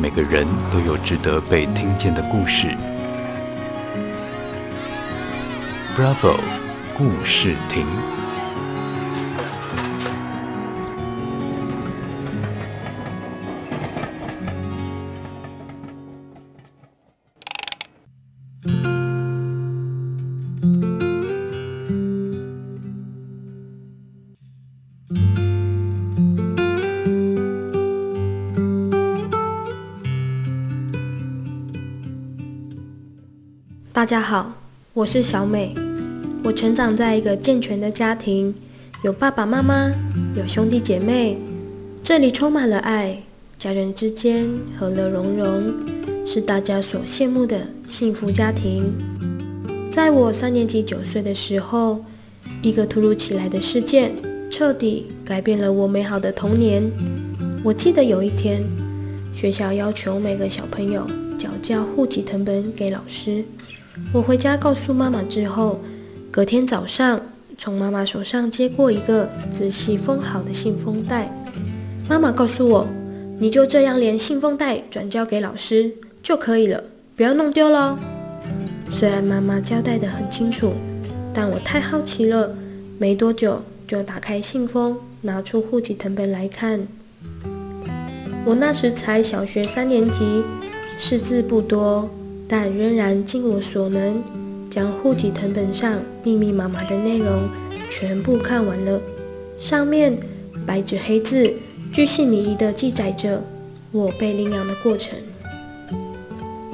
每個人都有值得被聽見的故事。Bravo，故事亭。大家好，我是小美。我成長在一個健全的家庭，有爸爸媽媽，有兄弟姐妹，這裡充滿了愛，家人之間和樂融融，是大家所羨慕的幸福家庭。在我三年級九歲的時候，一個突如其來的事件徹底改變了我美好的童年。我記得有一天，學校要求每個小朋友繳交戶籍謄本給老師。我回家告訴媽媽之後，隔天早上從媽媽手上接過一個仔細封好的信封袋。媽媽告訴我，你就這樣連信封袋轉交給老師就可以了，不要弄丟了。雖然媽媽交代得很清楚，但我太好奇了，沒多久就打開信封，拿出戶籍謄本來看。我那時才小學三年級，識字不多。但仍然盡我所能，將戶籍謄本上密密麻麻的內容全部看完了。上面白紙黑字、鉅細靡遺地記載着我被領養的過程。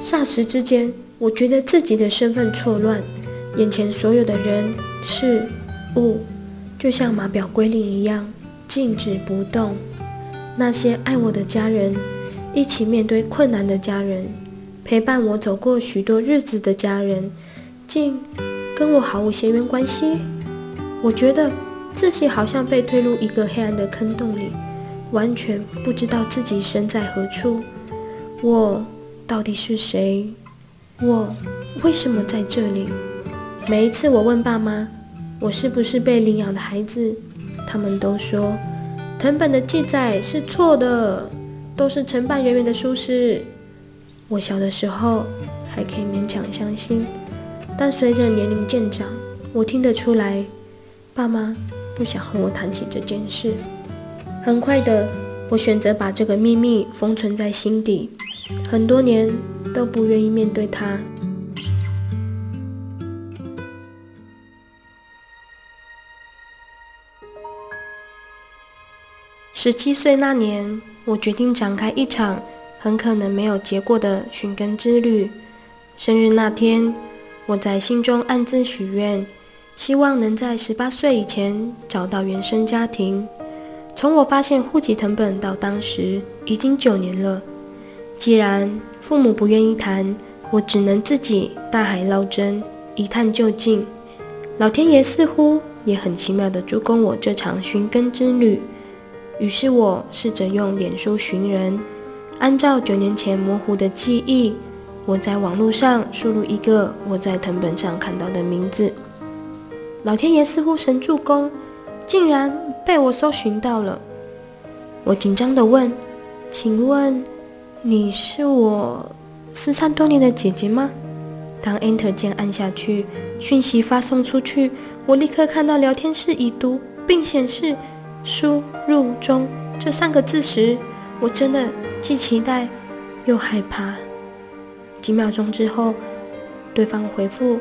霎時之間，我覺得自己的身份錯亂，眼前所有的人事物，就像碼表歸零一樣靜止不動。那些愛我的家人，一起面對困難的家人，陪伴我走過許多日子的家人，竟跟我毫無血緣關係。我覺得自己好像被推入一個黑暗的坑洞裡，完全不知道自己身在何處。我到底是誰？我為什麼在這裡？每一次我問爸媽，我是不是被領養的孩子，他們都說謄本的記載是錯的，都是承辦人員的疏失。我小的時候還可以勉強相信，但隨着年齡漸長，我聽得出來，爸媽不想和我談起這件事。很快的，我選擇把這個祕密封存在心底，很多年都不願意面對它。十七歲那年，我決定展開一場很可能沒有結果的尋根之旅。生日那天，我在心中暗自許願，希望能在十八歲以前找到原生家庭。從我發現戶籍謄本到當時已經九年了。既然父母不願意談，我只能自己大海撈針，一探究竟。老天爺似乎也很奇妙地助攻我這場尋根之旅。於是我試着用臉書尋人。按照九年前模糊的記憶，我在網絡上輸入一個我在謄本上看到的名字。老天爺似乎神助攻，竟然被我搜尋到了。我緊張地問：“請問，你是我失散多年的姐姐嗎？”當 Enter 鍵按下去，訊息發送出去，我立刻看到聊天室已讀，並顯示“輸入中”這三個字時。我真的既期待又害怕。幾秒鐘之後，對方回復：“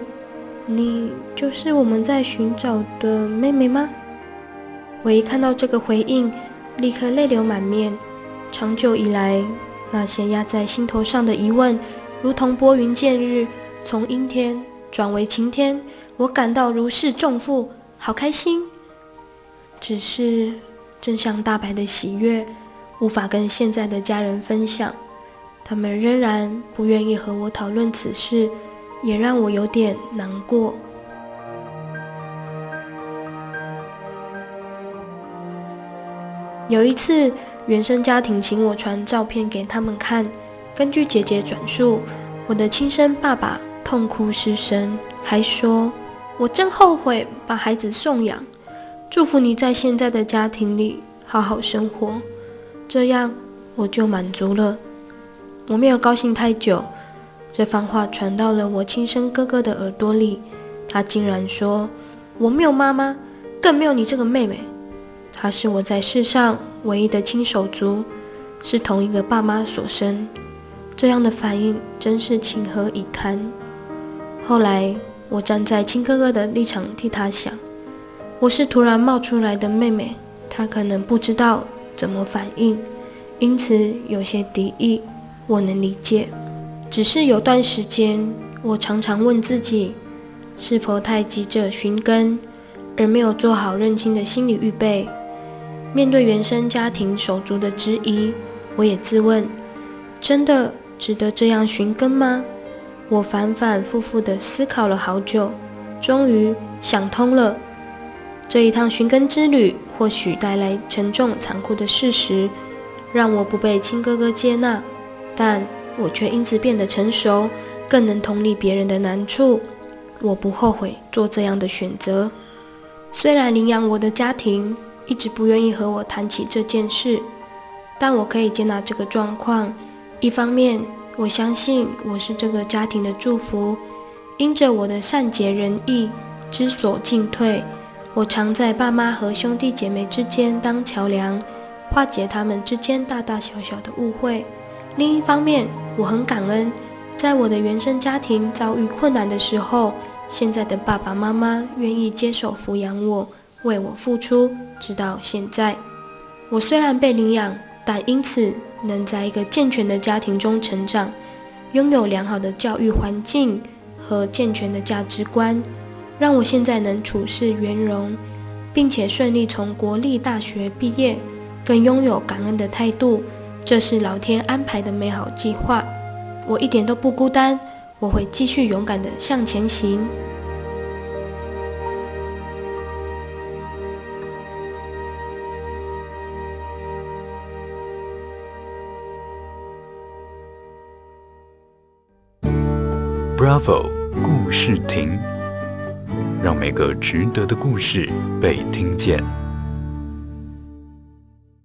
你就是我們在尋找的妹妹嗎？”我一看到這個回應，立刻淚流滿面。長久以來，那些壓在心頭上的疑問，如同撥雲見日，從陰天轉為晴天。我感到如釋重負，好開心。只是真相大白的喜悅，無法跟現在的家人分享，他們仍然不願意和我討論此事，也讓我有點難過。有一次，原生家庭請我傳照片給他們看。根據姐姐轉述，我的親生爸爸痛哭失聲，還說：“我真後悔把孩子送養。”祝福你在現在的家庭裡好好生活。這樣我就滿足了。我沒有高興太久，這番話傳到了我親生哥哥的耳朵裡，他竟然說：“我沒有媽媽，更沒有你這個妹妹，他是我在世上唯一的親手足，是同一個爸媽所生。”這樣的反應真是情何以堪。後來我站在親哥哥的立場替他想，我是突然冒出來的妹妹，他可能不知道。怎麼反應？因此有些敵意，我能理解。只是有段時間，我常常問自己，是否太急着尋根，而沒有做好認親的心理預備。面對原生家庭手足的質疑，我也自問：真的值得這樣尋根嗎？我反反复覆地思考了好久，終於想通了。這一趟尋根之旅，或許帶來沉重殘酷的事實，讓我不被親哥哥接納，但我卻因此變得成熟，更能同理別人的難處。我不後悔做這樣的選擇。雖然領養我的家庭一直不願意和我談起這件事，但我可以接納這個狀況。一方面，我相信我是這個家庭的祝福，因着我的善解人意，知所進退。我常在爸媽和兄弟姐妹之間當橋樑，化解他們之間大大小小的誤會。另一方面，我很感恩，在我的原生家庭遭遇困難的時候，現在的爸爸媽媽願意接手撫養我，為我付出。直到現在，我雖然被領養，但因此能在一個健全的家庭中成長，擁有良好的教育環境和健全的價值觀。讓我現在能處事圓融，並且順利從國立大學畢業，更擁有感恩的態度，這是老天安排的美好計劃。我一點都不孤單，我會繼續勇敢的向前行。Bravo，故事亭。讓每個值得的故事被聽見。